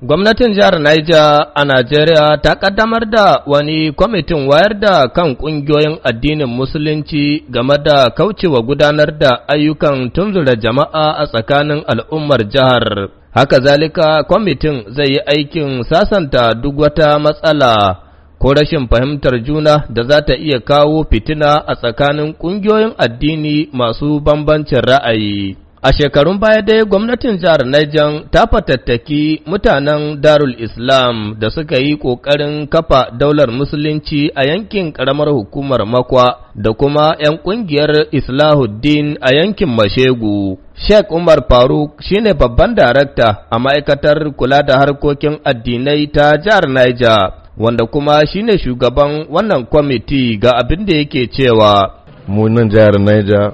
Gwamnatin jihar Niger a Najeriya ta kaddamar da wani kwamitin wayar da kan ƙungiyoyin addinin Musulunci game da kaucewa gudanar da ayyukan tunzura jama'a a tsakanin al'ummar jihar. Haka zalika kwamitin zai yi aikin sasanta duk wata matsala ko rashin fahimtar juna da za ta iya kawo fitina a tsakanin ƙungiyoyin addini masu bambancin ra'ayi. A shekarun baya dai gwamnatin jihar Niger ta fatattaki mutanen Darul Islam da suka yi ƙoƙarin kafa daular musulunci a yankin ƙaramar hukumar Makwa da kuma 'yan ƙungiyar Islahuddin a yankin Mashegu. Sheikh Umar Faruk shine babban darakta a ma'aikatar kula da harkokin addinai ta jihar Niger, wanda kuma shine shugaban wannan kwamiti ga abin da yake cewa. Munan jihar Niger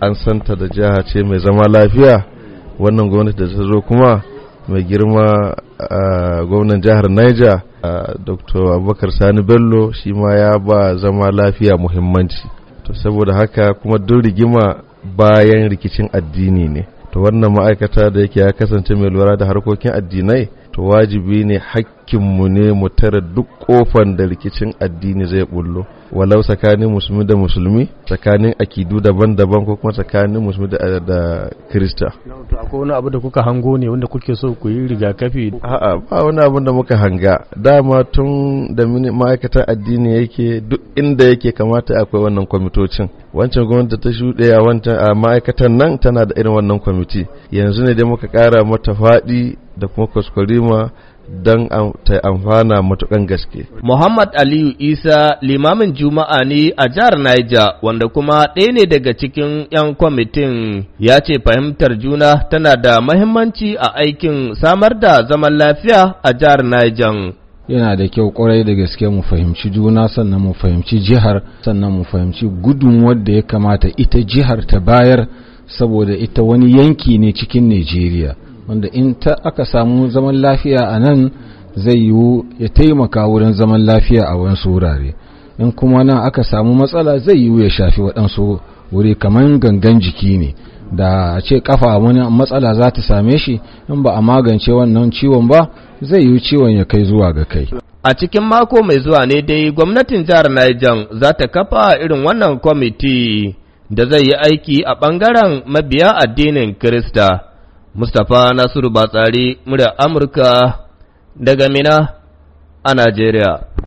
an santa da jiha ce mai zama lafiya wannan gwamnati da ta zo kuma mai girma a gwamnan jihar niger dr abubakar sani bello shi ma ya ba zama lafiya muhimmanci to saboda haka kuma duk rigima bayan rikicin addini ne to wannan ma'aikata da yake ya kasance mai lura da harkokin addinai to wajibi ne hakkinmu ne mu tare duk kofan da rikicin addini zai bullo walau tsakanin musulmi da musulmi tsakanin akidu daban-daban ko kuma tsakanin musulmi da da krista akwai wani abu da kuka hango ne wanda kuke so ku yi rigakafi a'a ba wani abu da muka hanga dama tun da ma'aikatan addini yake duk inda yake kamata akwai wannan kwamitocin wancan gwamnati ta shuɗe a wancan ma'aikatan nan tana da irin wannan kwamiti yanzu ne dai muka kara mata faɗi da kuma kwaskwarima don ta amfana matukan gaske. Muhammad Aliyu Isa limamin Juma'a ne a jihar Niger wanda kuma ɗaya ne daga cikin 'yan kwamitin ya ce fahimtar juna tana da mahimmanci a aikin samar da zaman lafiya a jihar Niger. yana da kyau kwarai da gaske mu fahimci juna sannan mu fahimci jihar sannan mu fahimci gudun wadda ya kamata ita jihar ta bayar saboda ita wani yanki ne cikin Najeriya wanda in ta aka samu zaman lafiya a nan zai yiwu ya taimaka wurin zaman lafiya a wasu wurare in kuma nan aka samu matsala zai yiwu ya shafi waɗansu wuri kamar gangan jiki ne da a ce kafa wani matsala za ta same shi in ba a magance wannan ciwon ba zai yi ciwon ya kai zuwa ga kai a cikin mako mai zuwa ne dai gwamnatin jihar Niger za ta kafa irin wannan kwamiti da zai yi aiki a ɓangaren mabiya addinin Kirista. Mustapha Nasiru Batsari, murya Amurka daga Mina a Najeriya.